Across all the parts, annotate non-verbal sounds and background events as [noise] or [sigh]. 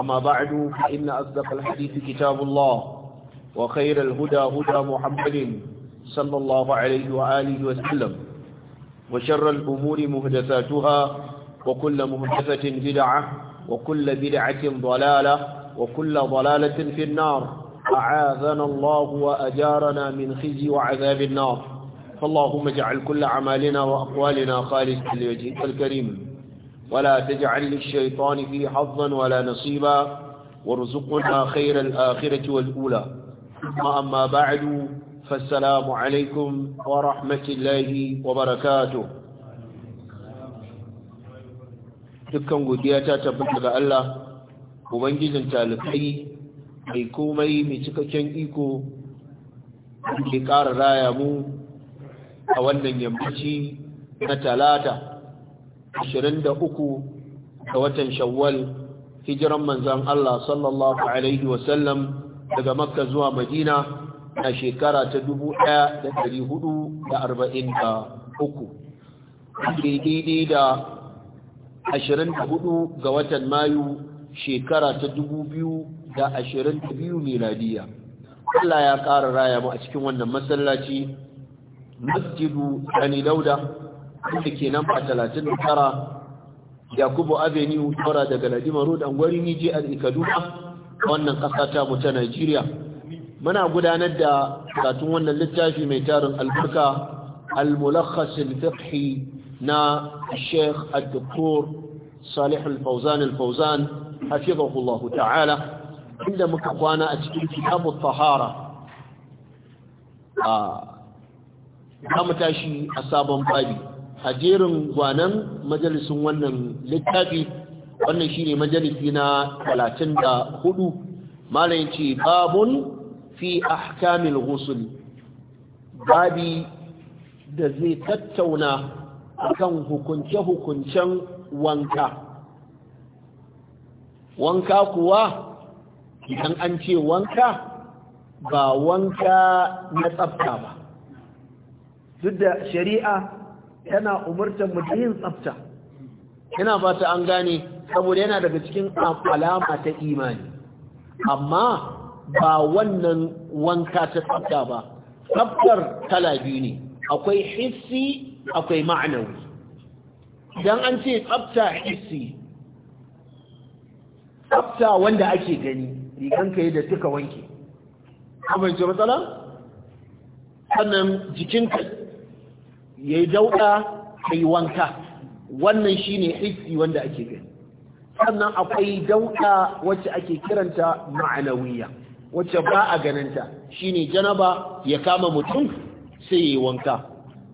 أما بعد فإن أصدق الحديث كتاب الله وخير الهدى هدى محمد صلى الله عليه وآله وسلم وشر الأمور مهدثاتها وكل مهدثة بدعة وكل بدعة ضلالة وكل ضلالة في النار أعاذنا الله وأجارنا من خزي وعذاب النار فاللهم اجعل كل عمالنا وأقوالنا خالص لوجهك الكريم ولا تجعل للشيطان في حظا ولا نصيبا وارزقنا خير الآخرة والأولى baadu أما بعد فالسلام عليكم ورحمة الله وبركاته dukkan godiya ta tabbata ga Allah ubangijin talibai mai komai mai cikakken iko da ƙara raya mu a wannan yammaci na talata 23 ga watan shawwal hijiran manzan Allah sallallahu alaihi wasallam daga makka zuwa madina a shekara ta 1443 daidai da 24 ga watan mayu shekara ta 2022 miladiya Allah ya ƙara raya mu a cikin wannan masallaci masjidu Sani Dauda da ke nan ba talatin da tara yakubu avenue tara daga ladima road an gwari ni a wannan ƙasa ta mu ta nigeria muna gudanar da karatun wannan littafi mai tarin albarka al-mulakhas al-fiqhi na sheikh al-doktor صالح الفوزان الفوزان حفظه الله تعالى inda muka kwana a cikin kitabu fahara a ah, mu tashi a sabon babi a jerin gwanan majalisun wannan littafi wannan shi shine majalisi na 34 malayin ce babun fi ahkamil husul babi da zai tattauna kan hukunce-hukuncen wanka wanka kuwa idan an ce wanka ba wanka na tsafta ba duk da shari'a tana umurtar mu yin tsafta ina ba ta an gane saboda yana daga cikin alama ta imani amma ba wannan wanka ta tsafta ba tsaftar kala biyu ne akwai hissi akwai ma'anawi idan an ce tsafta hissi tsafta wanda ake gani riganka yadda da duka wanke abinci matsala sannan jikinka yayi yi kai wanka wannan shine hissi wanda ake gani sannan akwai dauɗa wacce ake kiranta ma'anawiyya wacce ba a ganinta shine janaba ya kama mutum sai ya yi wanka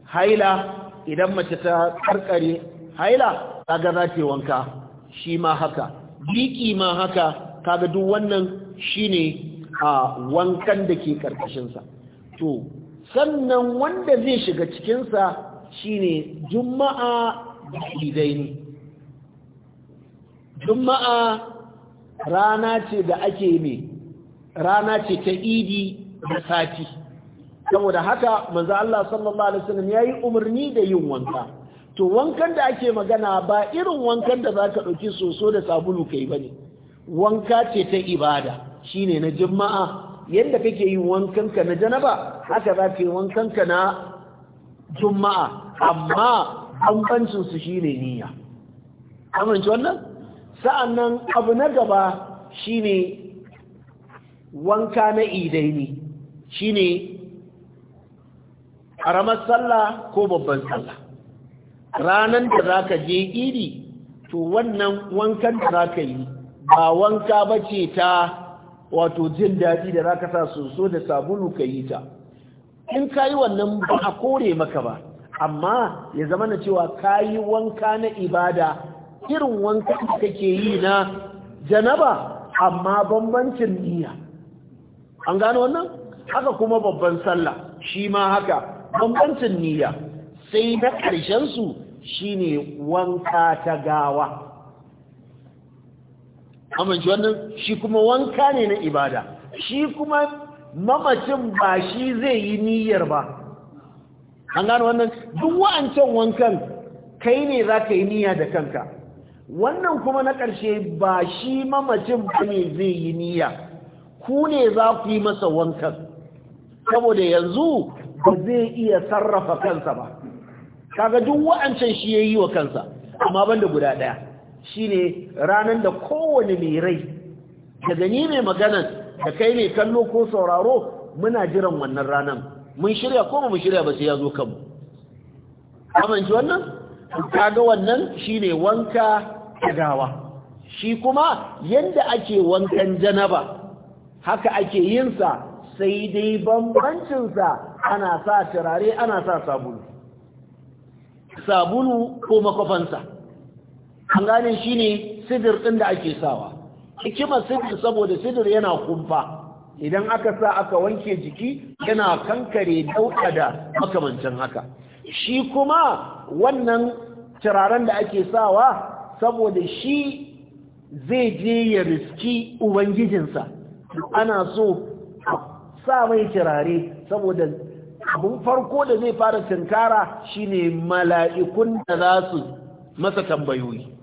haila idan mace ta ƙarƙare haila kaga za ta wanka shi ma haka biki ma haka kaga duk wannan shine a wankan da ke karkashin to sannan wanda zai shiga cikinsa shine juma'a da idaini juma'a rana ce da ake ne rana ce ta idi da sati saboda haka maza Allah sallallahu alaihi wasallam yayi umarni da yin wanka to wankan da ake magana ba irin wankan da za ka ɗauki soso da sabulu kai ne. wanka ce ta ibada Shi ne na juma'a yadda kake yi wankanka na janaba haka za ka yi wankanka na juma'a amma bambancinsu shi ne niyya amince wannan sa'annan abu na gaba shi ne wanka na idaini shi ne ƙaramar sallah ko babban sallah ranar da za ka je idi to wannan wankan da za ka yi ba wanka ba ce ta wato jin daɗi da zaka sa so da sabulu ka yi ta in ka yi wannan ba a kore maka ba amma ya zama na cewa ka yi wanka na ibada irin wanka da kake yi na janaba amma bambancin niyya an gano wannan haka kuma babban sallah shi ma haka bambancin niyya sai na ƙarshensu shine wanka ta gawa amince wannan shi kuma wanka ne na ibada shi kuma mamacin ba shi zai yi niyyar ba an gano wannan duk wa'ancan wankan kai ne za ka yi niyya da kanka wannan kuma na ƙarshe ba shi mamacin ba ne zai yi niyya ku ne za ku yi masa wankan saboda yanzu ba zai iya sarrafa kansa ba kaga duk wa'ancan shi ya yi wa kansa amma ban da guda ɗaya shine ranar da kowane mai rai daga ni mai magana da kai mai kallo ko sauraro muna jiran wannan ranar mun shirya ko mu shirya ba sai ya zo kanmu amince wannan kaga wannan shine wanka gawa shi kuma yadda ake wankan janaba haka ake yin sa sai dai bambancinsa ana sa turare ana sa sabulu sabulu ko makwafansa an gane shi ne sidir ɗin da ake sawa hikimar sidir saboda sidir yana kumfa idan aka sa aka wanke jiki yana kankare dauka da makamancin haka shi kuma wannan turaren da ake sawa saboda shi zai je ya riski ubangijinsa ana so sa mai turare saboda abin farko da zai fara tunkara shine mala'ikun da za su masa tambayoyi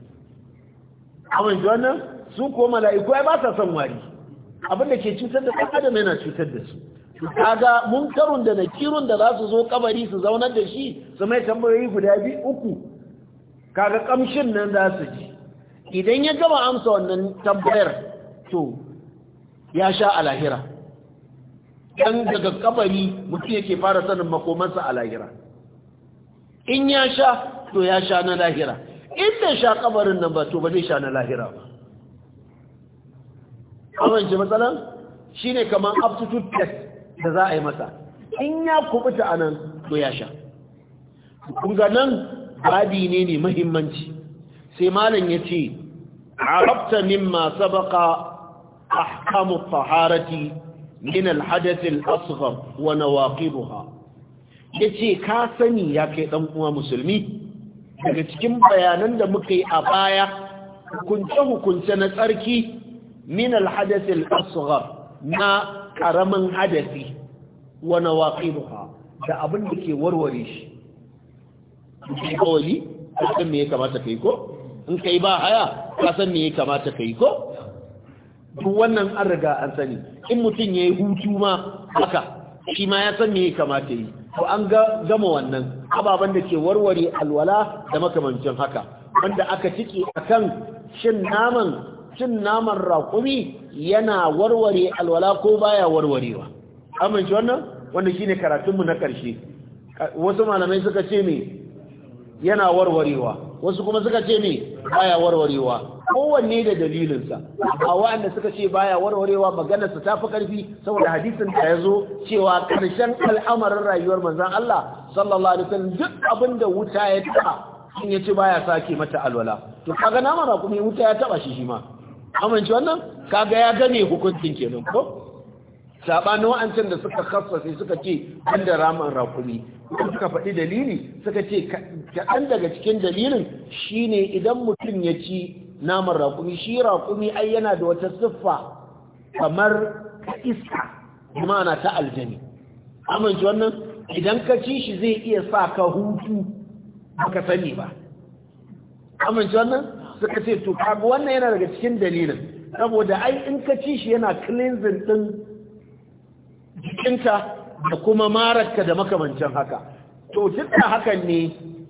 abin ji wannan su ko mala'iku ai ba sa son wari abinda ke cutar da adam yana cutar da su kaga munkarun da nakirun da za su zo kabari su zaunar da shi su mai tambayoyi guda biyu uku kaga kamshin nan za su ji idan ya gama amsa wannan tambayar to ya sha a lahira ɗan daga kabari mutum yake fara sanin makomansa a lahira in ya sha to ya sha na lahira in bai sha kabarin nan ba to ba zai sha na lahira ba ji matsalan shi ne kamar aptitude test da za a yi masa in ya kubuta a nan to ya sha kunga nan babi ne ne mahimmanci sai malam ya ce arabta mimma sabaka ahkamu taharati min alhadath al-asghar wa nawaqibuha yace ka sani ya kai dan uwa musulmi daga cikin bayanan da muka yi a baya hukunce-hukunce na tsarki min alhadasil asghar na karamin hadasi wa nawaqiduha da abin da ke warware shi kai kawali ka me ya kamata kai ko in kai ba haya kasan me ya kamata kai ko duk wannan an riga an sani in mutum yayi hutu ma haka shi ma ya san me ya kamata yi to an ga gama wannan ababen da ke warware alwala da makamancin haka wanda aka ciki akan shin naman cin naman raƙumi yana warware alwala ko baya warwarewa amince wannan wanda shine karatunmu na ƙarshe wasu malamai suka ce me yana warwarewa wasu kuma suka ce me baya warwarewa kowanne da dalilinsa a wa'anda suka ce baya warwarewa maganarsa ta fi karfi saboda hadisin da ya zo cewa karshen al'amarin rayuwar manzan Allah sallallahu alaihi wasallam duk abin da wuta ya taɓa in ya ce baya sake mata alwala to kaga na mana kuma wuta ya taba shi shi ma amince wannan kaga ya gane hukuncin kenan ko sabanin wa'ancan da suka khassasi suka ce an da ramin rakumi suka faɗi dalili suka ce kaɗan daga cikin dalilin shine idan mutum ya ci naman rakumi shi rakumi ai yana da wata siffa kamar ka iska mana ta aljani amince wannan idan ka ci shi zai iya sa ka hutu baka sani ba amince wannan suka ce to kaga wannan yana daga cikin dalilin saboda ai in ka ci shi yana cleansing din jikinta da kuma mararka da makamancin haka to duk hakan ne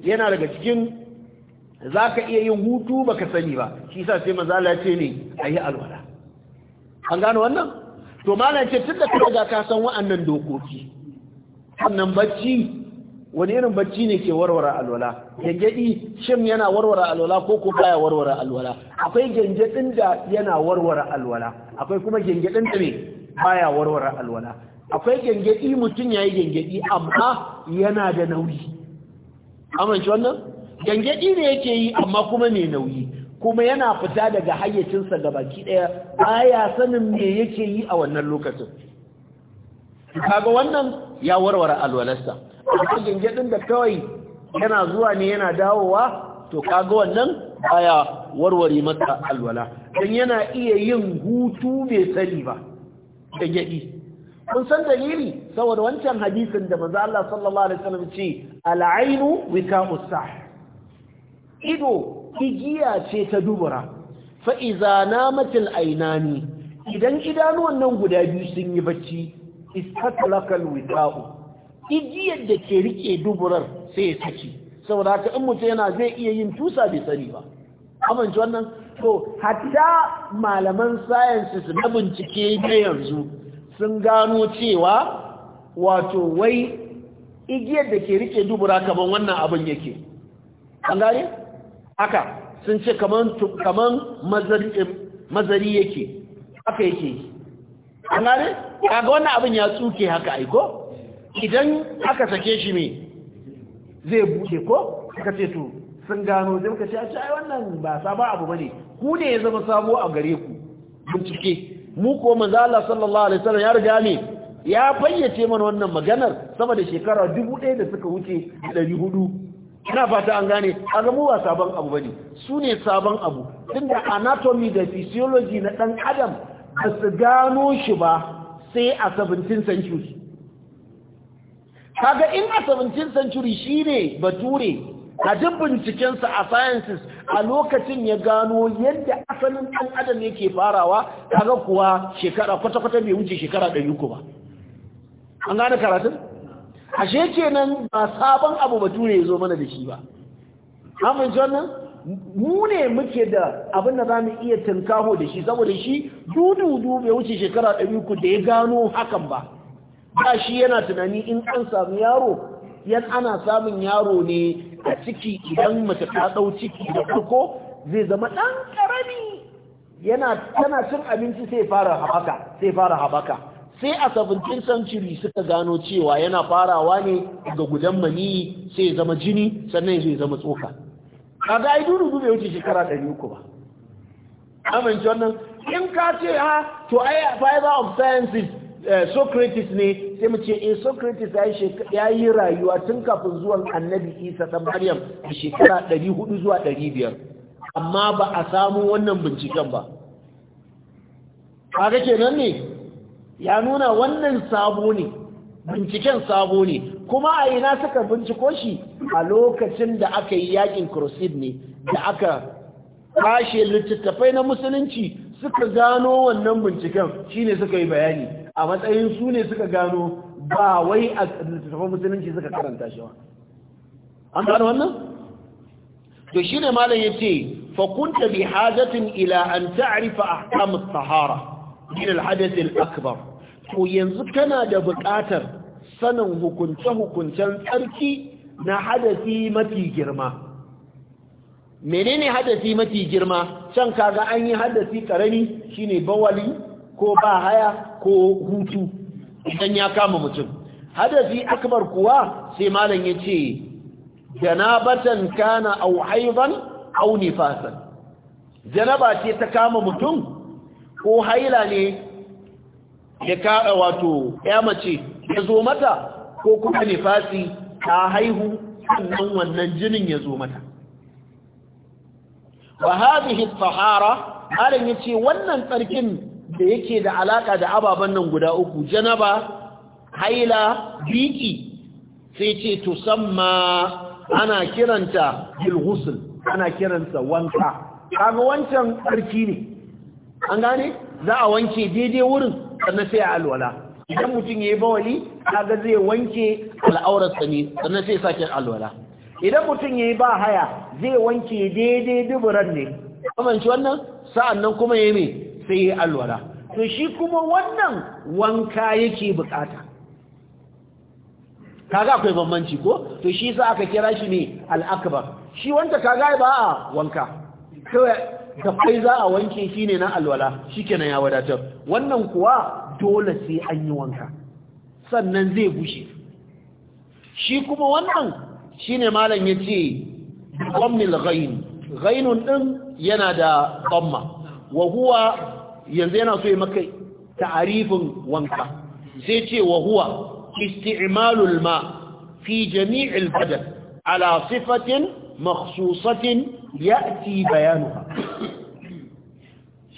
yana daga cikin za ka iya yin hutu ba ka sani ba shi sa sai mazala ce ne a yi alwala an gano wannan to malam ce tun da daga ka san wa'annan dokoki wannan bacci wani irin bacci ne ke warware alwala gengedi shim yana warware alwala ko ko baya warware alwala akwai ɗin da yana warware alwala akwai kuma ɗin da ne baya warware alwala akwai gengedi mutum ya yi gengedi amma yana da nauyi amince wannan gengedi ne yake yi amma kuma mai nauyi kuma yana fita daga hayyacinsa ga baki ɗaya baya sanin me yake yi a wannan lokacin kaga wannan ya warware alwalarsa amma gengedin da kawai yana zuwa ne yana dawowa to kaga wannan baya warware masa alwala dan yana iya yin hutu mai sani ba gengedi kun san dalili saboda wancan hadisin da manzo Allah sallallahu alaihi wasallam ce al-ainu wika'u sah ido igiya ce ta dubura fa idza namatil ainani idan idanuwan nan guda biyu sun yi bacci istatlaqal wika'u igiyar da ke rike duburar sai ya saki saboda ka in mutum yana zai iya yin tusa bai sani ba amince wannan to hatta malaman su na bincike ne yanzu sun gano cewa wato wai igiyar da ke rike dubura kaman wannan abin yake an gane haka sun ce kaman kaman eh, mazari yake haka yake an gane kaga wannan abin ya tsuke haka aiko idan aka sake shi me zai buke ko aka ce to sun gano zai muka ce a ce ai wannan ba sabon abu bane ku ne ya zama sabo a gare ku bincike mu ko manzo Allah sallallahu alaihi wasallam ya riga ne ya fayyace mana wannan maganar sama da shekara 1000 da suka wuce 400 ina fata an gane kaga mu ba sabon abu bane su ne sabon abu tunda anatomy da physiology na dan adam ba su gano shi ba sai a 17th century kaga in a 17th century shine bature a duk bincikensa a sciences a lokacin ya gano yadda asalin ɗan adam yake farawa kaga kuwa shekara kwata-kwata bai wuce shekara ɗari ku ba an gane karatun ashe kenan ba sabon abu bature ya zo mana da shi ba ji wannan mu ne muke da abin da za mu iya tunkaho da shi saboda shi dududu bai wuce shekara ɗari ku da ya gano hakan ba ba shi yana tunani in an samu yaro yan ana samun yaro ne a ciki idan mace ta dau ciki da farko zai zama dan karami yana tana cin abinci sai fara habaka sai fara habaka sai a 17 century suka gano cewa yana farawa ne ga gudan mani sai zama jini sannan zai zama tsoka kaga ai dudu bai wuce shekara 300 ba amince wannan in ka ce ha ah, to ai fiber of sciences Eh, Socrates ne sai mu ce eh Socrates ya yi rayuwa tun kafin zuwan Annabi Isa ta Maryam a shekara 400 zuwa 500 amma ba a samu wannan binciken ba kaga kenan ne ya nuna wannan sabo ne binciken sabo ne kuma a ina suka binciko shi a lokacin da aka yi yakin crusade ne da aka kashe littattafai na musulunci suka gano wannan binciken shine suka yi bayani a matsayin su ne suka gano ba wai a littattafan musulunci suka karanta shi ba an gano wannan to shine malam yace fa kunta bi hajatin ila an ta'rifa ahkam at-tahara min al akbar to yanzu kana da buƙatar sanin hukunce-hukuncen tsarki na hadasi mafi girma menene hadasi mafi girma can kaga an yi hadasi karami shine bawali ko ba haya ko hutu idan ya kama mutum hadafi akbar kuwa sai malam ya ce janabatan kana au haiban au nifasan janaba ce ta kama mutum ko haila ne ya ka wato ya mace ya zo mata ko kuma nifasi ta haihu sannan wannan jinin ya zo mata wa hadhihi tahara malam ce wannan tsarkin da yake da alaka da ababen nan guda uku janaba haila biki sai ce to samma. ana kiranta bilhusul ana kiransa wanka kaga wancan tsarki ne an gane za a wanke daidai wurin sannan sai a alwala idan mutum ya yi bawali kaga zai wanke al'aurarsa ne sannan sai sake alwala idan mutum ya yi ba haya zai wanke daidai duburan ne shi wannan Sa'an nan kuma ya yi sai ya alwala to shi kuma wannan wanka yake bukata kaga akwai bambanci ko to shi sa aka kira shi ne al'akbar shi wanda kaga ba a wanka kawai da kai za a wanke shi ne na alwala shikenan ya wadatar wannan kuwa dole sai an yi wanka sannan zai bushe shi kuma wannan shi shine malam yace qammil ghain ghainun ɗin yana da ƙwamma wa huwa yanzu yana so maka ta'arifin wanka sai ce wa huwa isti'malul ma fi jami'il badan ala sifatin makhsusatin ya'ti bayanuha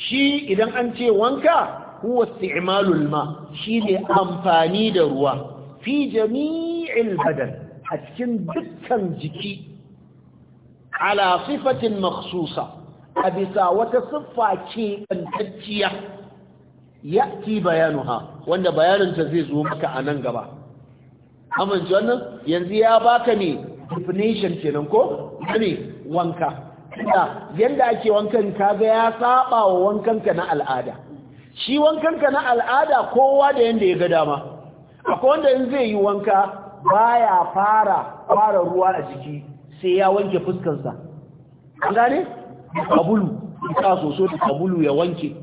shi idan an ce wanka huwa isti'malul ma shine amfani da ruwa fi jami'il badan a cikin dukkan jiki ala sifatin makhsusa a bisa wata siffa ke kantacciya ya ci bayanuha wanda bayaninta zai zo maka a nan gaba amince wannan yanzu ya baka ne definition kenan ko ne wanka da yanda ake wankan kaga ya saba wa wankan ka na al'ada shi wankanka na al'ada kowa da yanda ya ga dama akwai wanda in zai yi wanka baya fara fara ruwa a jiki sai ya wanke fuskarsa an gane ita ya so ta kabulu ya wanke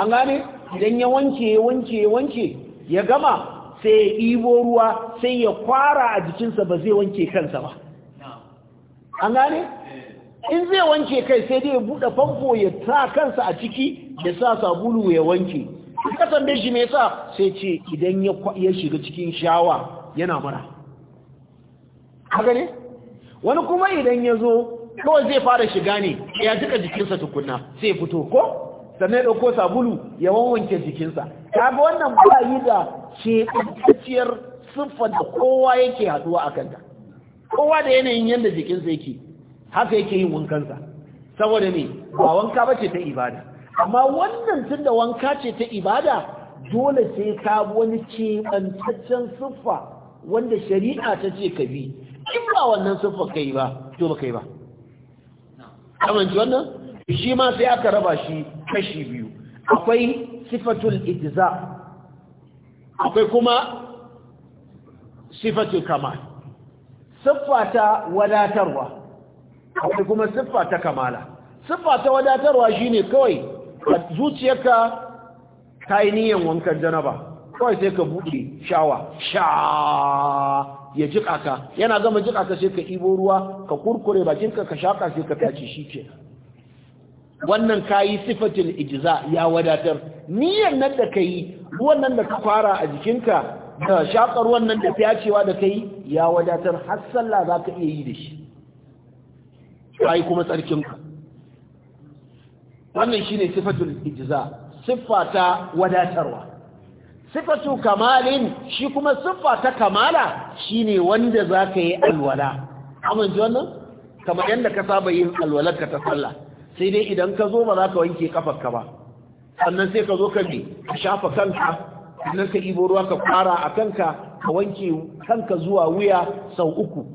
an gane idan ya wanke ya wanke ya wanke ya gama sai ya ibo ruwa sai ya kwara a jikinsa ba zai wanke kansa ba an gane in zai wanke kai sai dai ya buɗe famfo ya sa kansa a ciki ya sa sabulu ya wanke kasan da shi me yasa sai ce idan ya shiga cikin shawa yana mara haka ne wani kuma idan ya zo kawai zai fara shiga ne ya jika jikinsa tukunna sai fito ko sannan ɗauko sabulu ya wanwanke jikinsa Ta bi wannan ba yi da ciyar siffa da kowa yake haduwa a kanta kowa da yanayin yadda jikinsa yake haka yake yin wankansa saboda ne ba wanka ba ce ta ibada amma wannan tun da wanka ce ta ibada dole sai ka wani keɓantaccen siffa wanda shari'a ta ce ka bi in ba wannan siffa kai ba to ba ka ba amince wannan shi ma sai aka raba shi kashi biyu akwai sifatul ijza akwai kuma sifatul kamal siffa ta wadatarwa akwai kuma siffa ta kamala siffa ta wadatarwa shine kawai zuciyarka ta niyan wankan janaba kawai sai ka buɗe shawa sha ya jiƙa ka yana zama jiƙa ka sai ka ibo ruwa ka kurkure bakinka ka shaƙa sai ka tace shi ke wannan kayi sifatin ijza ya wadatar niyyar nan da kai ruwan nan da ka fara a jikinka da shaƙar wannan da tacewa da kai ya wadatar har sallah za ka iya yi da shi kai kuma tsarkinka wannan shine sifatul ijza siffa ta wadatarwa sifatu kamalin shi kuma siffa ta kamala shine wanda zaka yi alwala amma ji wannan kamar yanda ka saba yin alwalarka ta sallah sai dai idan ka zo ba za ka wanke kafarka ba sannan sai ka zo ka bi ka shafa kanka sannan ka ibo ruwa ka fara a kanka ka wanke kanka zuwa wuya sau uku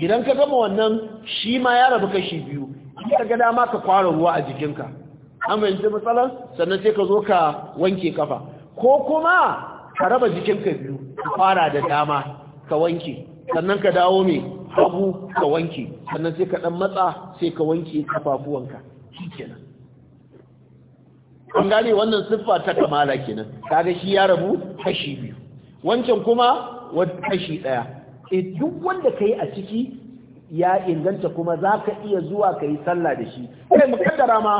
idan ka gama wannan shi ma ya rabu kashi biyu ka ga dama ka kwara ruwa a jikinka amma yanzu matsalar sannan sai ka zo ka wanke kafa ko kuma ka raba jikinka biyu ka fara da dama ka wanke sannan ka dawo mai hagu ka wanke sannan sai ka dan matsa sai ka wanke kafafuwanka kenan an gane wannan siffa ta kamala kenan kaga shi ya rabu kashi biyu wancan kuma wata kashi daya e eh, duk wanda ka yi a ciki ya inganta kuma za ka iya zuwa ka yi sallah da shi kai mukaddara ma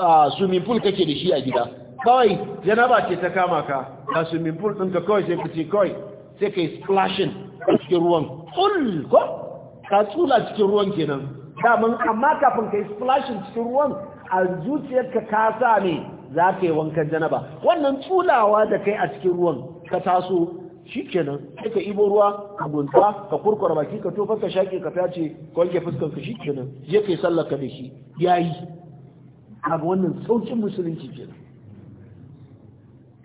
ah, swimming pool kake da shi a gida kawai janaba ce ta kama ka ga swimming pool ka kawai sai ku ce kawai sai ka yi splashing a cikin ruwan ƙul ka tsula cikin ruwan kenan damar amma kafin ka yi splashing cikin ruwan a zuciyarka ka sa ne za ka yi wankan janaba wannan tsulawa da kai a cikin ruwan ka taso shi kenan sai ka ibo ruwa ka gunta ka kurkura baki ka tofar ka shaƙe ka tace ka wanke fuskar ka shi kenan je ka yi sallar ka da shi yayi kaga wannan saukin musulunci kenan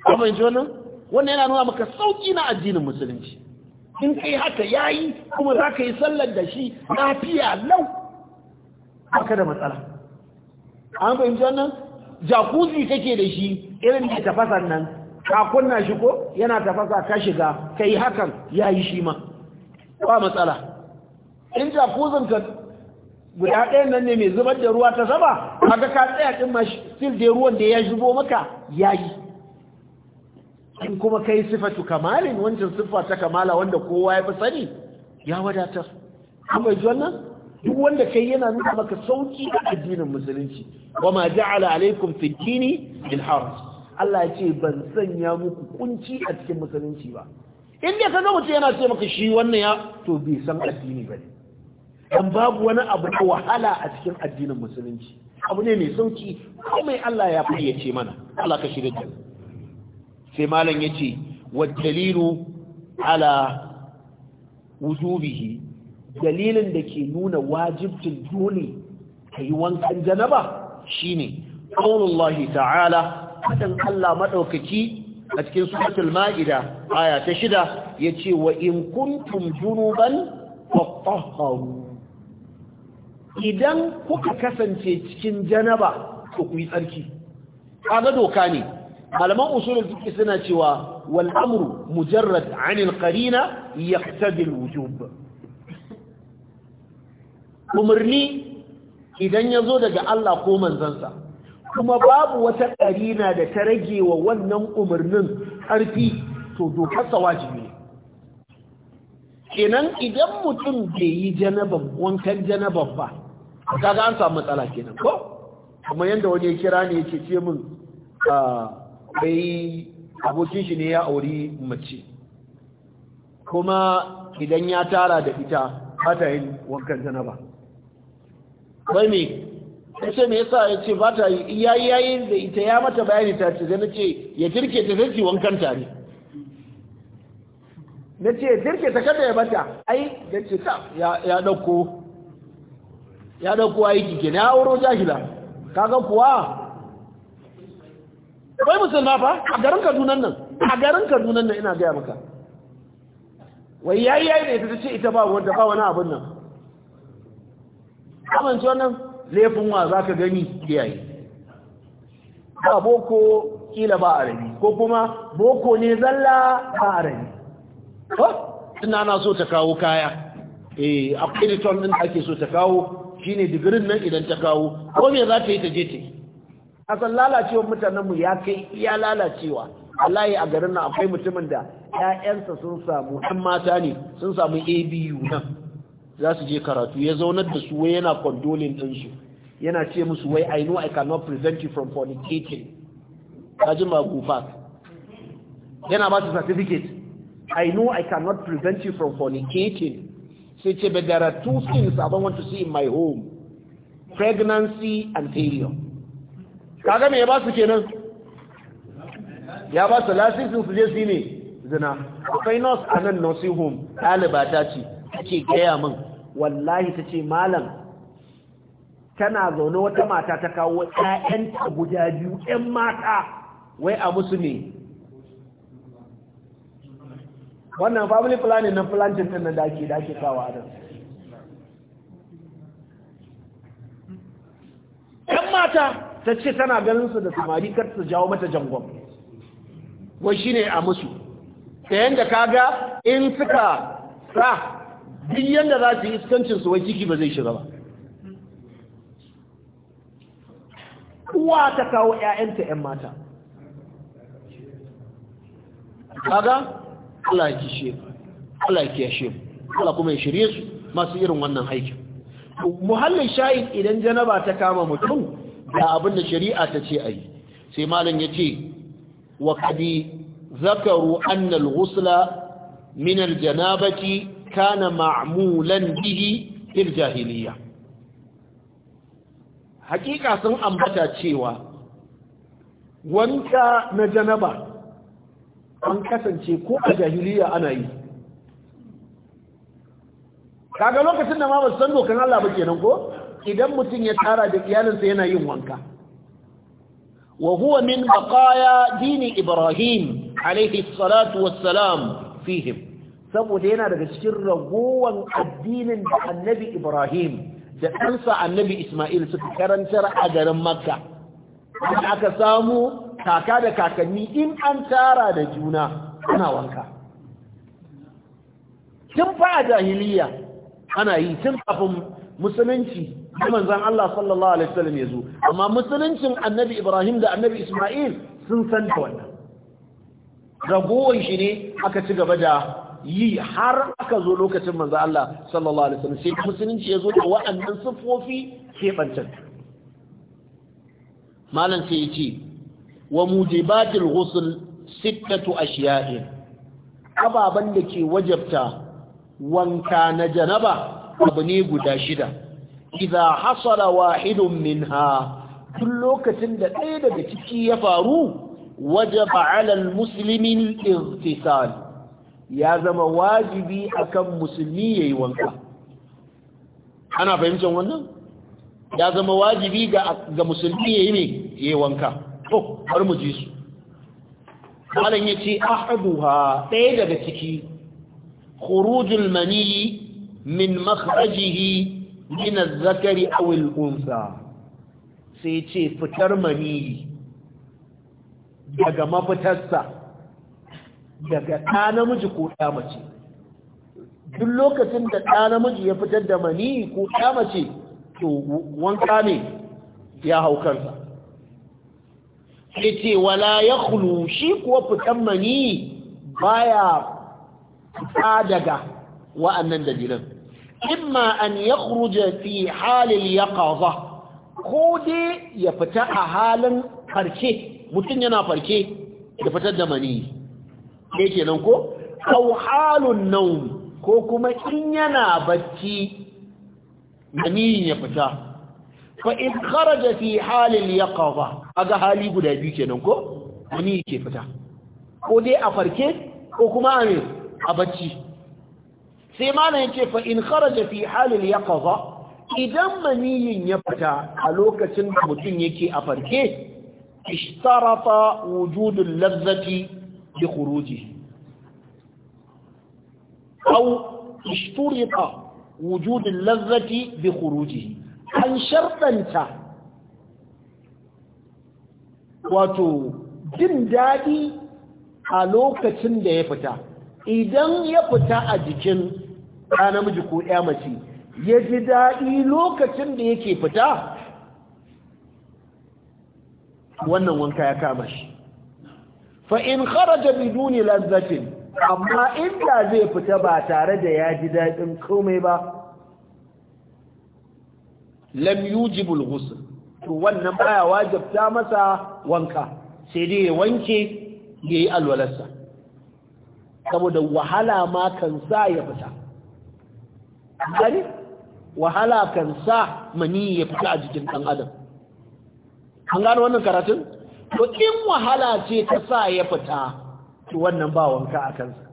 amma yanzu wannan wannan yana nuna maka sauki na addinin musulunci in kai haka yayi kuma za ka yi sallar da shi lafiya lau haka da matsala an bai fahimci wannan jakuzi kake da shi irin da tafasan nan ka kunna shi ko yana tafasa ka shiga kai hakan yayi shi ma ba matsala in jakuzin ka guda ɗayan nan ne mai zubar da ruwa ta saba kaga ka tsaya din ma still da ruwan da ya zubo maka yayi in kuma kai sifatu kamalin wancan siffa ta kamala wanda kowa ya fi sani ya wadatar kuma ji wannan duk wanda kai yana nuna maka sauki a addinin musulunci wa ma ja'ala alaikum fi dini bil haraj Allah ya ce ban sanya muku kunci a cikin musulunci ba in dai kaga mutum yana ce maka shi wannan ya to bai san addini bane dan babu wani abu da wahala a cikin addinin musulunci abu ne mai sauki komai Allah ya fayyace mana Allah ka shirye da sai malam yace wa dalilu ala wujubihi dalilin da ke nuna wajibcin dole kai wankan janaba shine qaulullahi ta'ala haɗin Allah maɗaukaki a cikin suratul ma'ida aya ta shida yace wa in kuntum junuban fatahharu idan kuka kasance cikin janaba to ku yi tsarki kaga doka ne malaman usulul fiqh suna cewa wal amru mujarrad 'anil qarina yaqtadi al wujub umarni idan ya zo daga Allah ko manzansa kuma babu wata ƙarina da ta rage wa wannan umarnin ƙarfi to dokarsa wajibi kenan idan mutum bai yi janaban wankan janabar ba kaga an samu matsala kenan ko kuma yanda wani ya kira ne ya ce min a ah, bai abokin shi ne ya auri mace kuma idan ya tara da ita ba ta yin wankan ba. bai me ya ce me yasa ya ce ba ta yi ya yi yayin da ita ya mata bayani ta ce na ce ya jirke ta zai wankan tare na ce jirke ta kada ya bata ai da ce ta ya dauko ya dauko aiki ke na auro jahila kaga kuwa wai musulma fa a garin kaduna nan a garin kaduna nan ina gaya maka wai yayi yayi da ita ce ita ba wanda ba wani abin nan ci wannan laifin wa za ka gani iyaye ba boko kila ba arabi ko kuma boko ne zalla ba arabi ko ina na so ta kawo kaya eh akwai return din ake so ta kawo shine digirin nan idan ta kawo ko me za ta yi ta je ta yi asan lalacewar mutanenmu ya kai iya lalacewa wallahi a garin nan akwai mutumin da ƴaƴansa sun samu ɗan mata ne sun samu abu nan za su je karatu ya zaunar da su wai yana condolin ɗinsu yana ce musu wai i know i cannot present you from fornicating kajin ba gufa yana ba su certificate i know i cannot present you from fornicating sai ce but there are two things i don't want to see in my home pregnancy and failure kaga me ya ba su kenan ya ba su lasisin su je su ne zina akwai nos a nan nursing home ɗaliba ta ce take gaya min wallahi ta ce malam tana zaune wata mata ta kawo ƴaƴanta guda biyu ƴan mata wai a musu ne wannan family planning na planting ɗin nan da ake da ake kawo adam ƴan mata ta ce tana ganin su da samari kar su jawo mata jangon wai shine a musu ta yanda kaga in suka sa duk yanda za su yi iskancin su wai ciki ba zai shiga ba uwa ta kawo ƴaƴanta ƴan mata kaga Allah ya kishe Allah ya kiyashe Allah kuma ya shirye su masu irin wannan aikin muhallin shayin idan janaba ta kama mutum da abin da shari'a ta ce a yi sai malam ya ce wa kadi zakaru annal ghusla min jana'baki, kana ma'mulan bihi fil jahiliya hakika sun ambata cewa wanka na janaba an kasance ko a jahiliya ana yi kaga lokacin da ma ba san dokan Allah ba kenan ko idan mutum ya tara da iyalinsa yana yin wanka wa huwa min baqaya dini ibrahim alayhi salatu wassalam fihim saboda yana daga cikin ragowan addinin da annabi ibrahim da ɗansa annabi isma'il suka karantar a garin makka aka samu kaka da kakanni in an tara da juna ana wanka tun fa a jahiliya ana yi tun kafin musulunci da manzan Allah sallallahu alaihi wasallam ya zo amma musuluncin annabi Ibrahim da annabi Ismail sun san da wannan ragowar shi ne aka ci gaba da yi har aka zo lokacin manzo Allah sallallahu alaihi wasallam sai musulunci ya zo da wa'annan sifofi kebantan malam sai ce, wa mujibatil ghusl sittatu ashiya'in ababan da ke wajabta wanka na janaba abu ne guda shida idza hasala wahidun minha tun lokacin da ɗaya daga ciki ya faru wajaba ala almuslimin irtisal ya zama wajibi akan musulmi yayi wanka ana fahimtar wannan ya zama wajibi ga ga musulmi yayi ne yayi wanka to har mu ji su malan yace ahaduha ɗaya daga ciki khurujul mani min makhrajihi mina zakari awil unsa sai ce fitar maniyi daga mafitarsa daga ɗa namiji ko ɗa mace duk lokacin da ɗa namiji ya fitar da maniyi ko ɗa mace to wanka ne ya hau kansa sai ce wala ya hulu shi kuwa fitan maniyi baya fita daga wa'annan dalilan imma an yakhruja fi halil yaqaza ko dai ya fita a halin farke mutum yana farke da fitar da mani ne kenan ko aw halun nan ko kuma in yana bacci mani ya fita fa in kharaja fi halil yaqaza aga hali guda biyu kenan ko mani ke fita ko dai a farke ko kuma a barci? sai malam yace fa in kharaja fi halil kaza idan maniyin ya fita a lokacin da mutum yake a farke ishtarata wujudul ladzati bi khurujihi أو اشترط وجود اللذة kuruji. An sharɗanta. wato jin daɗi a lokacin da ya fita idan ya fita a jikin ɗa namiji ko ya mace ya ji daɗi lokacin da yake fita wannan wanka ya kama shi fa in kharaja biduni lazzatin amma inda zai fita ba tare da ya ji daɗin komai ba lam yujibul ghusl to wannan baya wajabta masa wanka sai dai ya wanke yayi alwalarsa saboda wahala ma kan sa ya fita hari wahala kan sa mani ya fita a jikin ɗan adam an gano wannan karatun to in wahala ce ta sa ya fita to wannan ba wanka a kansa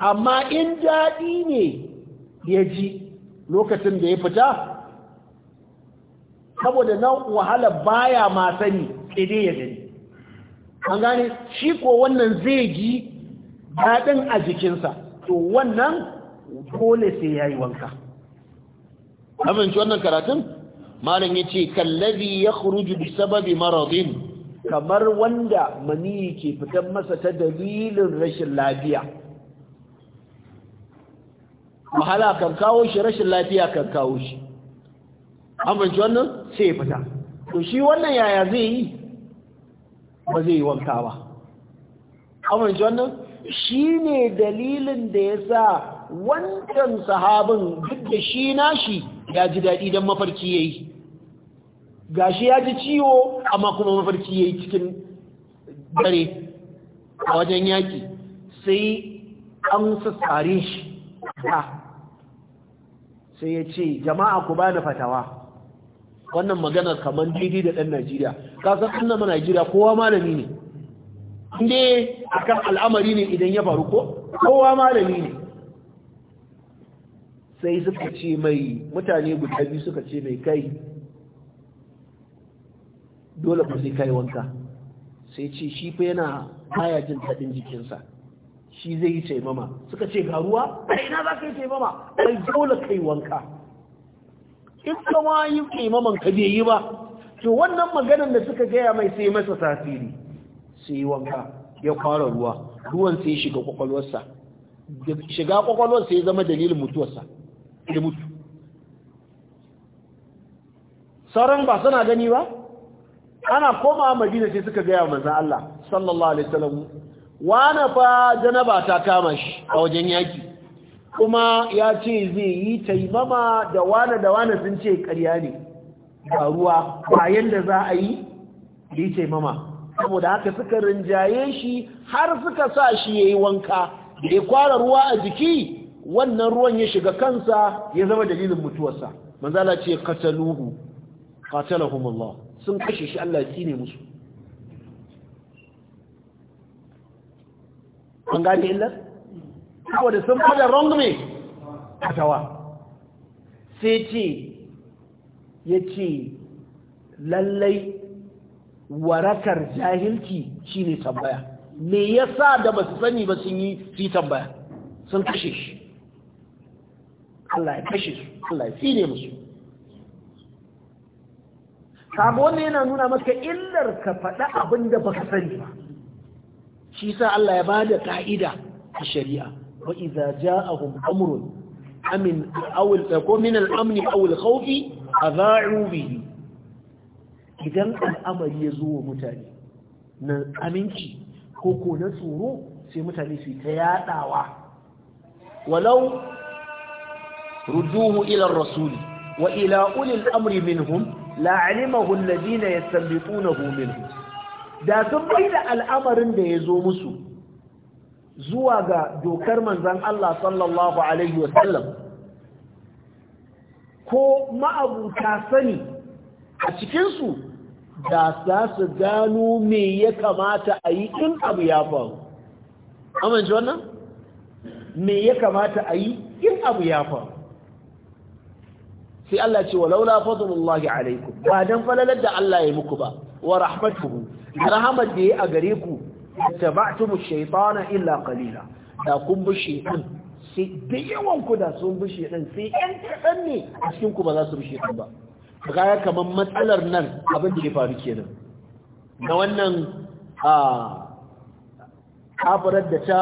amma in daɗi ne ya ji lokacin da ya fita saboda nan wahala baya ma sani sai ya gani an gane shi ko wannan zai ji daɗin a jikinsa to wannan dole sai yayi wanka amince wannan karatun malam yace kallazi yakhruju bi sababi maradin kamar wanda mani ke fitan masa ta dalilin rashin lafiya mahala kan kawo shi rashin lafiya kan kawo shi amince wannan sai fita to shi wannan yaya zai yi ba zai yi wanka ba amince wannan shine dalilin da yasa wancan sahabin duk da shi nashi ya ji daɗi don mafarki ya yi Ga shi ya ji ciwo amma kuma mafarki ya yi cikin dare a wajen yaƙi sai an sassare shi sai ya ce jama'a ku bani fatawa wannan magana kamar daidai da ɗan najeriya kasar ɗan nama najeriya kowa malami ne inda kan al'amari ne idan ya faru ko kowa malami ne sai suka ce mai mutane guda biyu suka ce mai kai dole ku sai kai wanka sai ce shi fa yana baya jin daɗin jikinsa shi zai yi taimama suka ce ga ruwa a ina za ka yi taimama ai dole kai wanka in kama yi taimaman ka bai yi ba to wannan maganar da suka gaya mai sai masa tasiri sai wanka ya fara ruwa ruwan sai shiga kwakwalwarsa shiga kwakwalwarsa ya zama dalilin mutuwarsa ya mutu sauran ba suna gani ba ana koma madina sai suka gaya manzan Allah sallallahu alaihi wasallam wana fa janaba ta kama shi a wajen yaki kuma ya ce zai yi taimama da wana da wana sun ce ƙarya ne ga ruwa bayan da za a yi yi taimama saboda haka suka rinjaye shi har suka sa shi ya yi wanka da ya kwara ruwa a jiki wannan ruwan ya shiga kansa ya zama dalilin mutuwarsa manzala ce qataluhu qatalahumullah sun kashe shi Allah ya kine musu an gane illar saboda sun fada wrong me katawa sai ce yace lallai warakar jahilci shine tambaya me yasa da basu sani ba sun yi tambaya sun kashe shi Allah ya kashe su Allah ya tsire musu sabo wannan yana nuna maka illar ka faɗa abin da baka sani ba shi sa Allah ya bada ka'ida a shari'a wa idza ja'ahum amrun amin aw al min al-amn aw al-khawf adha'u bihi idan al'amari ya zo wa mutane na aminci ko ko na tsoro sai mutane su yi ta yadawa walau rujuhu ila rasul wa ila ulil amri minhum la'alimahu alladhina yastanbitunahu minhum da sun bai da al'amarin da ya zo musu zuwa ga dokar manzan Allah sallallahu alaihi wasallam ko ma'abuta sani a cikinsu da za su gano me ya kamata a yi in abu ya faru amince wannan me ya kamata a yi in abu ya faru sai Allah ce walaula fadlullahi alaikum ba dan falalar da Allah ya muku ba wa rahmatuhu rahmat da ya a gare ku tabatumu shaytana illa qalila da kun bi shaytan sai da yawan ku da sun bi shaytan sai ɗan kaɗan ne a cikin ku ba za su bi shaytan ba kaga kamar matsalar nan abin da ya faru kenan na wannan a kafirar da ta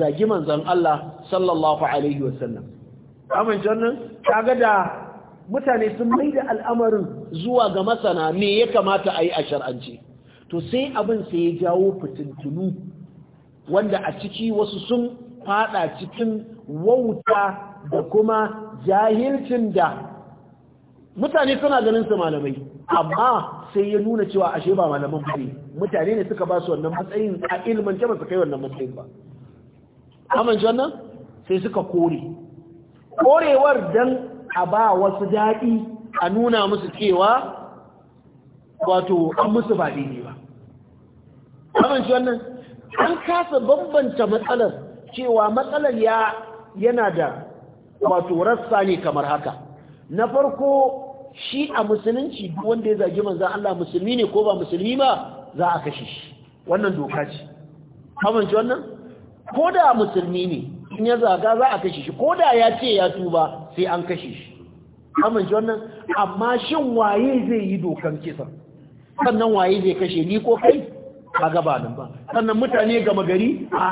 zagi manzon Allah sallallahu alaihi wasallam amince wannan kaga da mutane sun mai da al'amarin zuwa ga masana me ya kamata a yi a shar'ance to sai abin sai ya jawo fitintunu wanda a ciki wasu sun fada cikin wauta da kuma jahilcin da mutane suna ganin su malamai amma sai ya nuna cewa ashe ba malaman bane mutane ne suka ba su wannan matsayin a ilmin ta su kai wannan matsayin ba amince wannan sai suka kore korewar dan a ba wasu daɗi a nuna musu cewa wato an musu ba daidai ba shi wannan an kasa bambanta matsalar cewa matsalar ya yana da wato rassa ne kamar haka na farko shi a musulunci wanda ya zagi manzan Allah musulmi ne ko ba musulmi ba za a kashe shi wannan doka ce shi wannan ko da musulmi ne in ya zaga za a kashe shi ko da ya ce ya tuba sai an kashe shi amince wannan amma shin waye zai yi dokan kisan sannan waye zai kashe ni ko kai ba gabanin ba sannan mutane gama gari a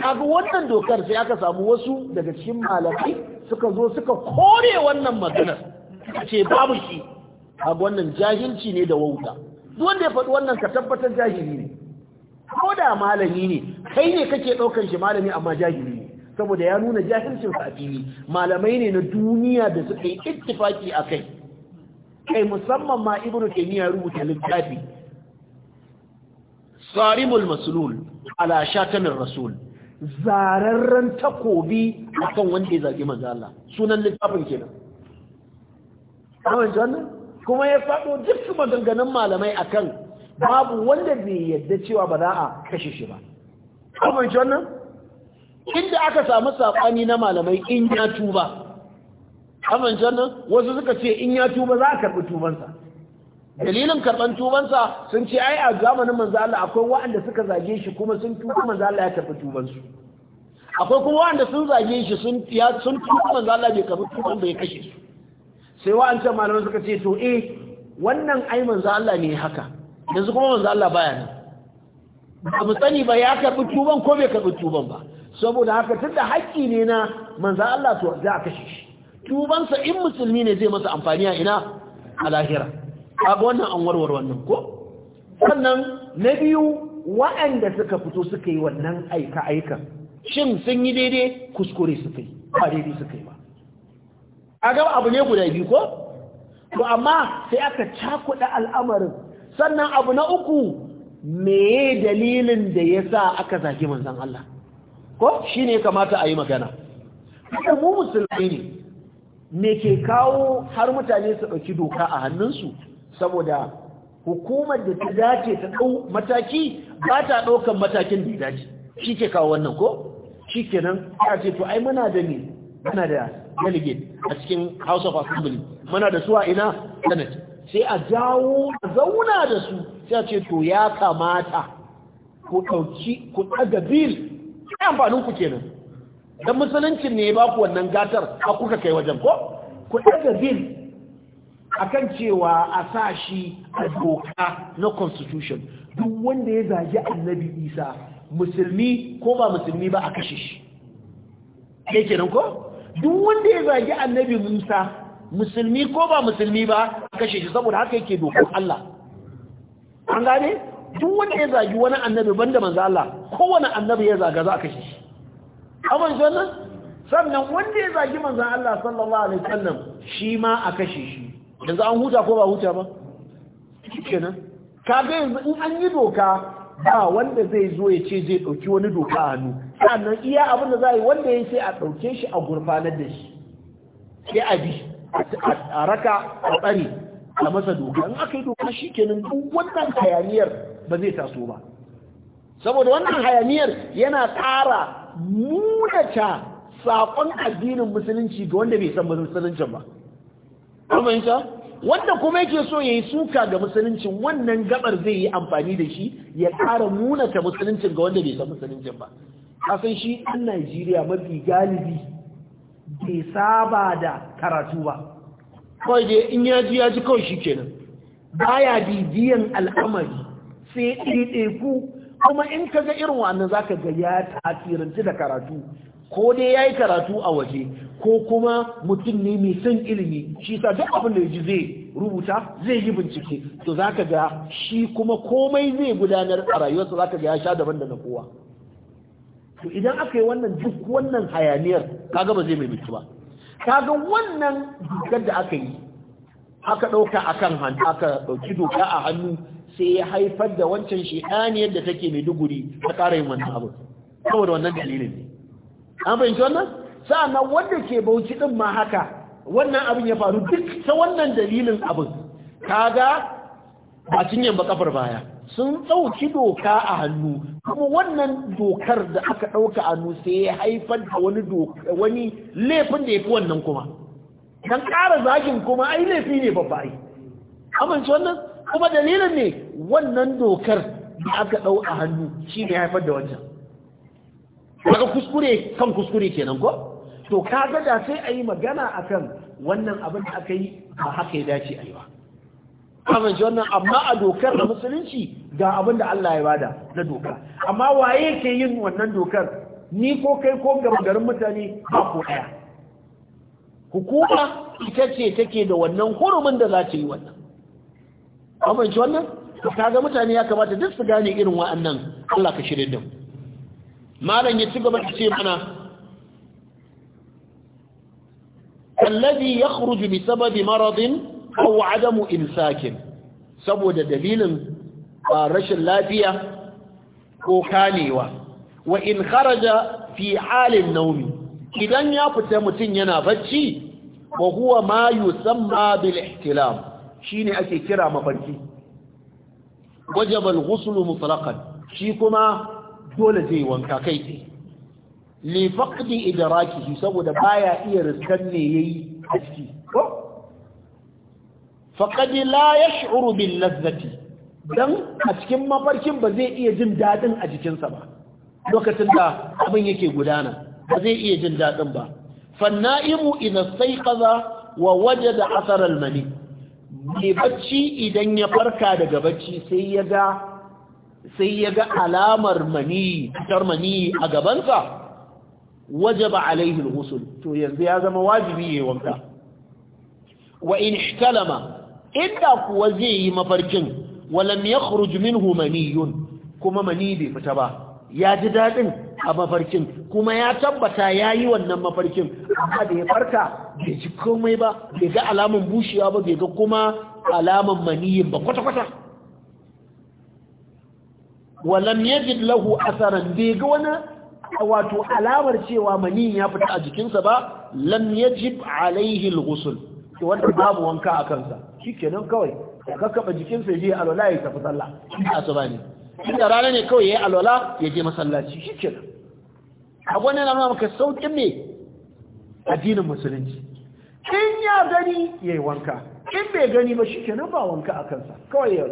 kaga wannan dokar sai aka samu wasu daga cikin malamai suka zo suka kore wannan maganar ce babu shi a wannan jahilci ne da wauta duk wanda ya faɗi wannan ka tabbatar jahili ne ko da malami ne kai ne kake ɗaukan shi malami amma jahili ne saboda ya nuna jahilcin sa a fili malamai ne na duniya da suka yi ittifaki a kai musamman ma ibnu taymiya rubuta littafi sarimul maslul ala shatamin rasul zararran takobi akan wanda ya zagi manzo Allah sunan littafin kenan kuma ya faɗo duk maganganun malamai akan babu wanda bai yadda cewa ba za a kashe shi ba Kamar shi wannan inda aka samu saɓani na malamai in ya tuba Kamar shi wannan wasu suka ce in ya tuba za a karɓi tubansa dalilin karɓan tubansa sun ce ai a zamanin manzo Allah akwai waɗanda suka zage shi kuma sun tuba manzo Allah ya karɓi tubansu akwai kuma waɗanda sun zage shi sun ya sun tuba manzo Allah bai karɓi tuban bai kashe su sai wa'ancan malamai suka ce to eh wannan ai manzo Allah ne haka yanzu kuma manzo Allah baya nan ba mu sani ba ya karɓi tuban ko bai karɓi tuban ba saboda haka tunda haƙƙi ne na manzo Allah to za a kashe shi sa in musulmi ne zai masa amfani a ina a lahira kaga wannan an warware wannan ko sannan na biyu waɗanda suka fito suka yi wannan aika aikan shin sun yi daidai kuskure suka yi ba daidai suka yi ba a gaba abu ne guda biyu ko to amma sai aka cakuɗa al'amarin sannan abu na uku meye dalilin da ya sa aka zagi manzan Allah ko shi ne kamata a yi magana haka mu musulmi ne me ke kawo har mutane su ɗauki doka a hannunsu saboda hukumar da ta dace ta ɗau mataki ba ta ɗaukan matakin da ya dace shi ke kawo wannan ko shi nan? ya ce to ai muna da ne muna da delegate a cikin house of assembly muna da suwa ina senate sai a jawo a zauna da su sai a ce to ya kamata ku ɗauki ku ɗaga bil ya amfanin ku kenan don musuluncin ne ba ku wannan gatar a kuka kai wajen ko ku ɗaga bil kan cewa a sa shi a doka na constitution duk wanda ya zagi annabi isa musulmi ko ba musulmi ba a kashe shi ke kenan ko duk wanda ya zagi annabi musa musulmi ko ba musulmi ba kashe shi saboda haka yake dokar Allah an gane duk wanda ya zagi wani annabi banda manzo Allah wani annabi ya zaga za a kashe shi amma wannan, sannan wanda ya zagi manzo Allah sallallahu alaihi wasallam shi ma a kashe shi yanzu an huta ko ba huta ba kenan kaga yanzu in an yi doka ba wanda zai zo ya ce zai dauki wani doka a hannu sannan iya abin da zai wanda ya sai a dauke shi a gurfanar da shi sai a bi a raka a tsare a masa duka in aka yi duka shi kenan duk wannan hayaniyar ba zai taso ba saboda wannan hayaniyar yana ƙara munata saƙon addinin musulunci ga wanda bai san musuluncin ba fahimta wanda kuma yake so ya yi suka ga musuluncin wannan gabar zai yi amfani da shi ya ƙara munata musuluncin ga wanda bai san musuluncin ba kasan shi ɗan najeriya mafi galibi bai saba da karatu ba kawai dai in ya ji ya ji kawai shi kenan baya bibiyan al'amari sai ku kuma in ka ga irin wannan za ka ga ya da karatu ko dai ya yi karatu a waje ko kuma mutum ne mai son ilimi shi sa duk abin da ya ji zai rubuta zai yi bincike to za ka ga shi kuma komai zai gudanar a rayuwarsa za ka ga ya sha daban da na kowa to idan aka yi wannan duk wannan hayaniyar kaga ba zai mai ba kaga wannan dokar da aka yi aka ɗauka a kan hannu aka ɗauki doka a hannu sai ya haifar da wancan shekaniyar da take mai duguri ta ƙara yin wannan abu saboda wannan dalilin ne an fahimci wannan sa'annan wanda ke bauchi ɗin ma haka wannan abin ya faru duk ta wannan dalilin abin kaga ba cinye ba kafar baya sun ɗauki doka a hannu kuma wannan dokar da aka ɗauka a hannu sai ya haifar da wani wani laifin da ya fi wannan kuma don ƙara zagin kuma ai laifi ne babba ai amince wannan kuma dalilin ne wannan dokar da aka ɗau a hannu shi ne haifar da wancan daga kuskure kan kuskure kenan ko to kaga da sai a yi magana akan wannan abin da aka yi ba haka ya dace a yi ba amince wannan amma a dokar da musulunci ga abin da Allah ya bada na doka amma waye ke yin wannan dokar ni ko kai ko gaba garin mutane ba ko daya hukuma ita ce take da wannan hurumin da za ta yi wannan amince wannan ga mutane ya kamata duk su gane irin wa'annan Allah ka shirin da malam ya ci gaba da ce mana الذي يخرج بسبب مرض aw adamu imsakin saboda dalilin rashin lafiya ko kanewa wa in kharaja fi halin naumi idan ya fita mutum yana bacci wa huwa ma yusamma bil ihtilam shine ake kira mafarki wajaba al-ghusl mutlaqan shi kuma dole zai wanka kai tsaye li faqdi idrakihi saboda baya iya riskan ne yayi aski ko faqad la shi'uru bin lazzati dan a cikin mafarkin ba zai iya jin daɗin a jikinsa ba lokacin da abin yake gudana ba zai iya jin daɗin ba ina sai kaza wa waje da asarar mani mai bacci idan ya farka daga bacci sai ya ga sai ya ga alamar mani fitar mani a gabansa Waje alaihi al to yanzu ya zama wajibi yi wanka wa in ihtalama inda kuwa zai yi mafarkin walam ya minhu maniyun kuma mani bai fita ba ya ji daɗin a mafarkin kuma ya tabbata ya yi wannan mafarkin amma da ya farka bai ji komai ba bai ga alamun bushewa ba bai ga kuma alamun maniyin ba kwata-kwata walam ji lahu tsaron bai ga wani wato alamar cewa maniyin ya fita a jikinsa ba lam ji alaihi al-ghusl to wanda babu wanka a kansa shikenan kawai ya kakkaba jikinsa ya je alwala ya tafi sallah shi asuba ne inda rana ne kawai ya yi alwala ya je masallaci shikenan a na nuna maka saukin ne addinin musulunci in ya gani ya yi wanka in bai gani ba shikenan ba wanka a kansa kawai ya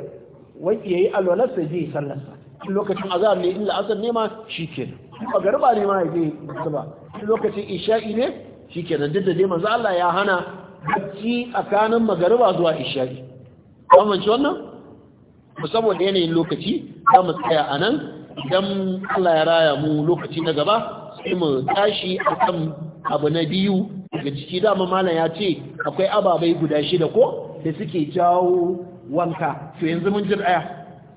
wanki ya yi alwalarsa ya je yi sallarsa lokacin azhar ne in la'asar ne ma shikenan ba garba ne ma ya je ba lokacin isha'i ne shikenan duk da dai manzo Allah ya hana bacci tsakanin magariba zuwa Ishari. isha'i amince wannan musamman saboda yanayin lokaci za mu tsaya a nan idan Allah ya raya mu lokaci na gaba sai mu tashi a kan abu na biyu daga ciki dama malam ya ce akwai ababai guda shida ko da suke jawo wanka to yanzu mun ji daya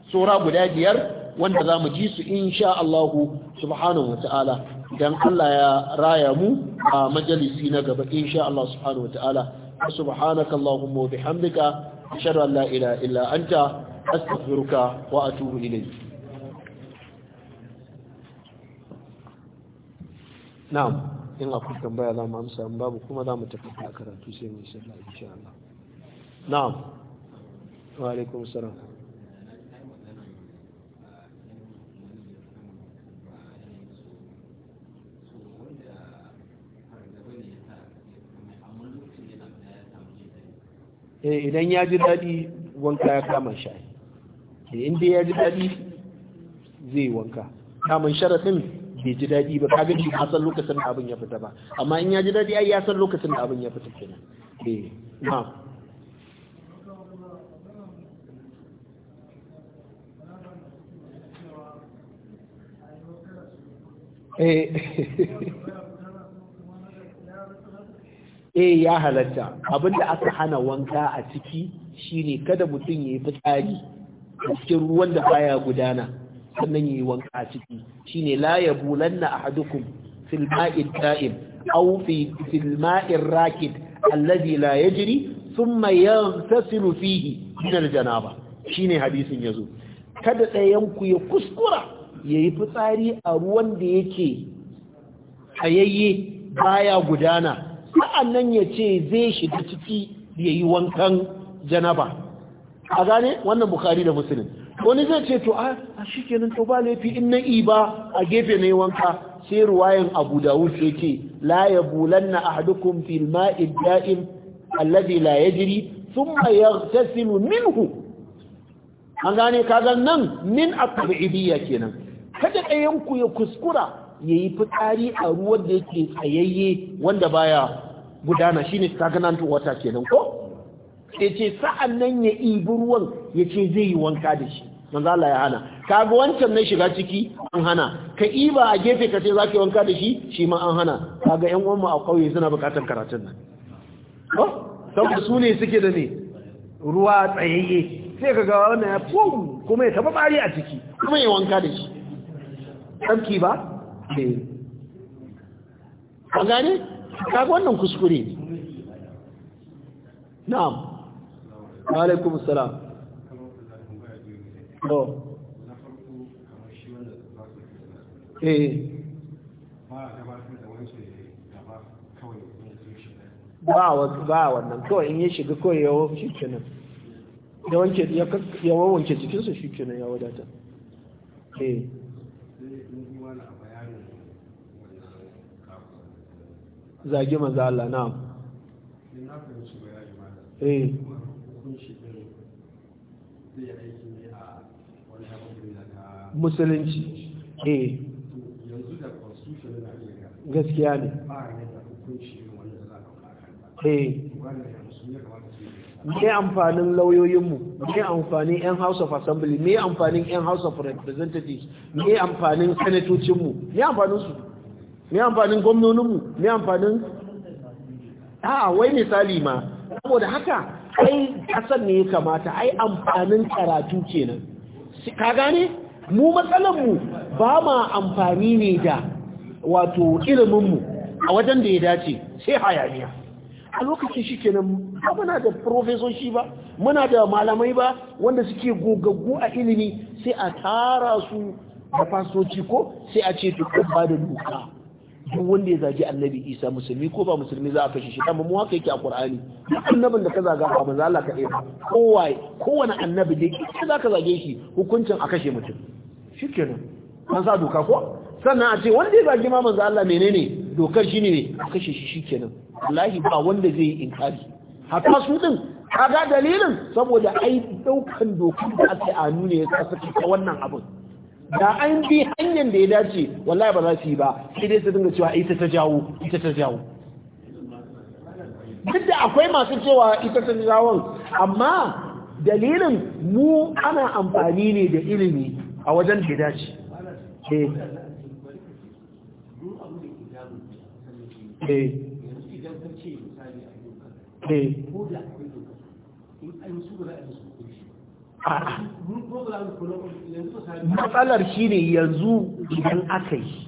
tsora guda biyar wanda za mu ji su insha Allahu subhanahu wa ta'ala dan Allah ya raya mu a majalisi na gaba insha Allah subhanahu wataala subhanaka allahumma wa bihamdika ashhadu an la ilaha illa anta astaghfiruka wa atubu ilayk na'am in akwai tambaya za mu amsa in babu kuma za mu tafi a karatu sai mu sallah insha Allah na'am wa alaikum salam Eh, idan ya ji daɗi wanka ya kama shayi. Eh, in inda ya ji daɗi zai wanka kamun sharaɗin bai ji daɗi ba Ka kaga shi san lokacin da abin ya fita ba amma in ya ji daɗi ai ya san lokacin da abin ya fita kenan eh ma. eh [laughs] eh ya halatta abinda aka hana wanka a ciki shine kada mutum yayi yi fitsari a cikin ruwan da baya gudana sannan yayi wanka a ciki shine la yabulanna ahadukum fil ma'i da'im aw fi fil ma'i rakid alladhi la yajri thumma yaghtasilu fihi min al-janaba shine hadisin yazo kada tsayanku ku ya kuskura yayi fitsari a ruwan da yake hayayye baya gudana nan ya ce zai shiga ciki ya yi wankan janaba a gane wannan bukari da musulun wani zai ce to a shi nan to ba laifi in na iba a gefe na yi wanka sai ruwayan abu dawud ya ce la ya bulan na ahadukum fil ma'id da'im alladhi la yajri thumma yaghtasilu minhu an gane kaga nan min at ke kenan kada ɗayan ku ya kuskura ya yayi fitsari a ruwan da yake tsayayye wanda baya gudana shine stagnant water kenan ko ya ce sa'an nan ya ibi ruwan ya ce zai yi wanka da shi manzo Allah ya hana Ka ga wancan na shiga ciki an hana ka iba a gefe ka ce za ka wanka da shi shi ma an hana kaga yan uwanmu a ƙauye suna buƙatar karatun nan saboda su ne suke da ne ruwa tsayayye sai ka ga wannan ya fum kuma ya taba bari a ciki kuma ya wanka da shi tsarki ba eh. ne gane kaga wannan kuskure ne na'am wa alaikum assalam to eh ba wannan kawai in yi shiga kawai yawo shi kenan ya wanke ya wanke jikinsa shi kenan ya wadata eh Zage manzo Allah na'am eh musulunci eh gaskiya ne eh me amfanin lauyoyinmu me amfanin yan house of assembly me amfanin yan house of representatives me amfanin sanatocinmu me amfanin su Ni amfanin mu, ni amfanin a wai misali ma saboda haka ai kasan ne ya kamata ai amfanin karatu kenan ka gane mu mu ba ma amfani ne da wato iliminmu a wajen da ya dace sai hayaniya a lokacin shi kenan ba muna da profesoshi ba muna da malamai ba wanda suke gogaggu a ilimi sai a tara su da fasoci ko sai a ce tukun ba da doka duk wanda ya zagi annabi isa musulmi ko ba musulmi za a kashe shi amma mu haka yake a qur'ani duk annabin da ka zaga ba manzo Allah ka kowa kowane annabi da yake za ka zage shi hukuncin a kashe mutum shikenan an sa doka ko sannan a ce wanda ya zagi ma manzo Allah menene dokar shine ne a kashe shi shikenan wallahi ba wanda zai yi inkari hatta su din kaga dalilin saboda ai daukan dokar da ake a nuna ya sa suka wannan abin da an bi hanyar da ya dace wallahi ba za su yi ba sai dai su dinga cewa ita ta jawo ita ta jawo duk da akwai masu cewa ita ta jawo amma dalilin mu ana amfani ne da ilimi a wajen da ya dace Eh. Eh. Eh. Eh. Eh. Eh. Eh. matsalar shi ne yanzu idan aka yi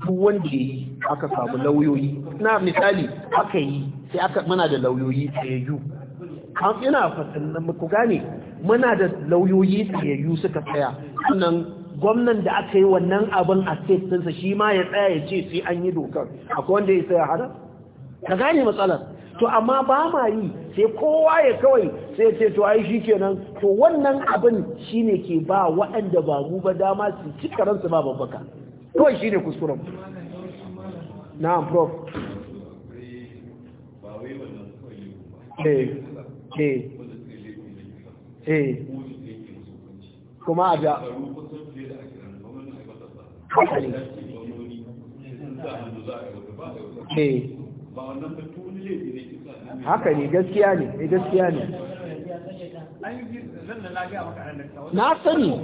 duk wanda ya yi aka samu lauyoyi na misali aka yi sai aka muna da lauyoyi tsayayyu an ina muku gane muna da lauyoyi tsayayyu suka tsaya sannan gwamnan da aka yi wannan abin a state ɗinsa shi ma ya tsaya ya ce sai an yi dokar akwai wanda ya tsaya hada ka gane matsalar to amma ba ma yi sai kowa ya kawai sai ya ce to ai shi kenan to wannan abin shine ke ba waɗanda ba mu ba dama su ci karansu ba babbaka kawai shine kuskuren Na prof eh eh eh kuma a ja eh haka ne gaskiya ne eh, gaskiya ne na sani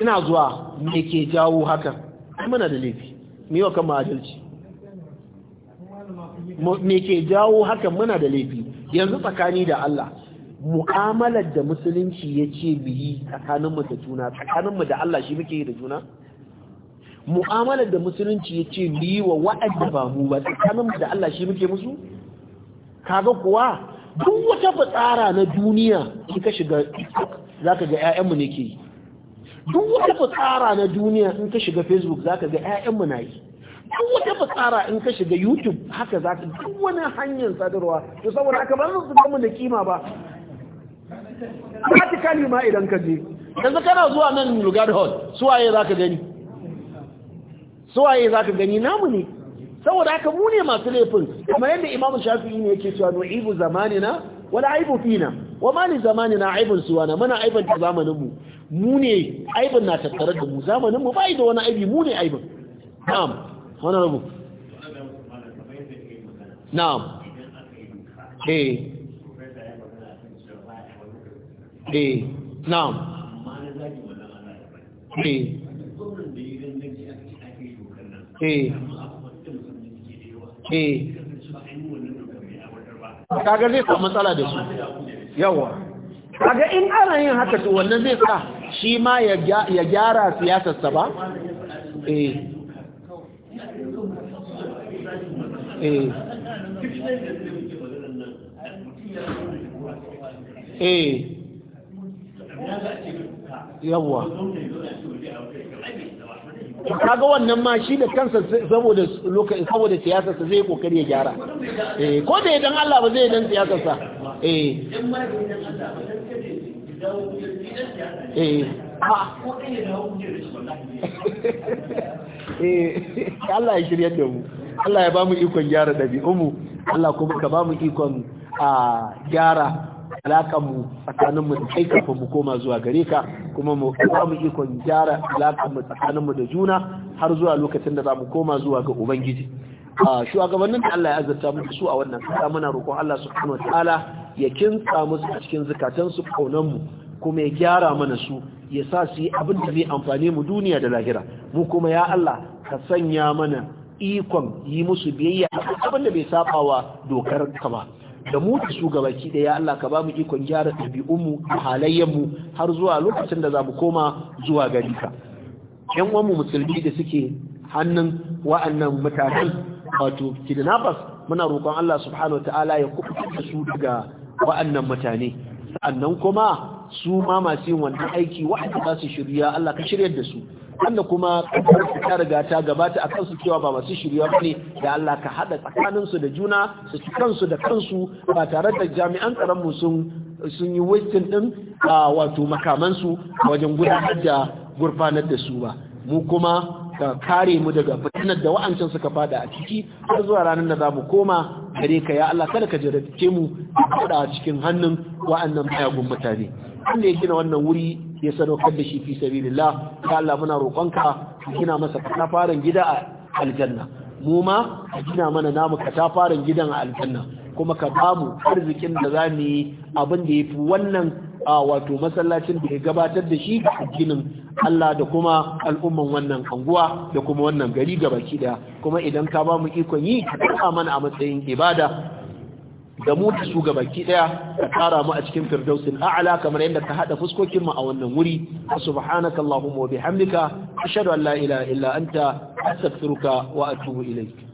ina zuwa me ke jawo hakan mana da laifi me wa kan adalci me ke jawo hakan muna da laifi yanzu tsakani da Allah mu'amalar da musulunci ya ce mu yi tsakaninmu da juna tsakaninmu da Allah shi muke yi da juna mu'amalar da musulunci ya ce mu yi wa wa'adda ba mu ba tsakaninmu da Allah shi muke musu kaga kuwa duk wata fitsara na duniya in ka shiga zaka ga ƴaƴanmu ne ke yi duk wata fitsara na duniya in ka shiga facebook zaka ga ƴaƴanmu na yi duk wata fasara in ka shiga youtube haka za ka duk wani hanyar sadarwa to saboda aka bar su samu da kima ba practically ma idan ka je yanzu kana zuwa nan lugard hall suwaye za ka gani suwaye za ka gani namu ne saboda aka mu ne masu laifin kuma yadda imam shafi'i ne yake cewa nu'ibu zamanina wala aibu fina wa ma li zamanina aibun suwana muna aibun ta zamaninmu mu ne aibun na tattare da mu zamaninmu bai da wani aibi mu ne aibun na'am honorable na'am eh. eh eh na'am eh eh eh kaga zai samu matsala da su yawa kaga in ana yin haka to wannan zai sa shi ma ya gyara siyasarsa ba eh Eh. eh yawwa kaga wannan ma shi da kansa saboda lokacin saboda sa zai kokari ya gyara eh ko da idan Allah ba zai dan siyasar sa eh eh, [laughs] eh. [laughs] Allah ya shiryar da mu Allah ya ba mu ikon gyara ɗabi'unmu Allah kuma ka ba mu ikon a gyara alaƙanmu tsakaninmu da kai kafin mu koma zuwa gare ka kuma mu ba mu ikon gyara alaƙanmu tsakaninmu da juna har zuwa lokacin da za mu koma zuwa ga Ubangiji. shugabannin da Allah ya azurta mu su a wannan kasa muna roƙon Allah subhanahu ta'ala ya kinsa musu a cikin zakatan su kaunan mu kuma ya gyara mana su ya sa su yi abin da zai amfane mu duniya da lahira mu kuma ya Allah ka sanya mana ikon yi musu biyayya abin da bai saba wa dokar ka ba da mu da su gabaki ya Allah ka ba mu ikon gyara ɗabi'unmu da halayenmu har zuwa lokacin da za mu koma zuwa gari ka yan uwanmu musulmi da suke hannun wa'annan mutanen wato kidnappers muna roƙon Allah subhanahu ta'ala ya kuɓuta su daga wa'annan mutane sannan kuma su ma masu yin wannan aiki wa'anda za su shirya Allah ka shiryar da su Allah kuma ƙasar ta riga ta gabata a kansu cewa ba masu shirya ba ne da Allah ka haɗa tsakaninsu da juna su ci kansu da kansu ba tare da jami'an tsaronmu sun sun yi wasting ɗin a wato makamansu wajen gudanar da gurfanar da su ba mu kuma ka kare mu daga fitinar da wa'ancan suka fada a ciki har zuwa ranar da za mu koma gare ka ya Allah kada ka jarabce mu a cikin hannun wa'annan mayagun mutane wanda ya gina wannan wuri ya sadaukar da shi fi sabilillah ya Allah muna roƙonka ka gina masa katafaren gida a aljanna mu ma ka gina mana namu katafaren gidan a aljanna kuma ka bamu arzikin da za mu yi abin da ya fi wannan wato masallacin da ya gabatar da shi a ginin Allah da kuma al'umman wannan anguwa da kuma wannan gari gabaki da kuma idan ka ba mu ikon yi ka mana a matsayin ibada da mu da su gabaki daya ka tara mu a cikin firdausin a'la kamar yadda ka hada fuskokin mu a wannan wuri subhanakallahumma wa bihamdika ashhadu an la ilaha illa anta astaghfiruka wa atubu ilayk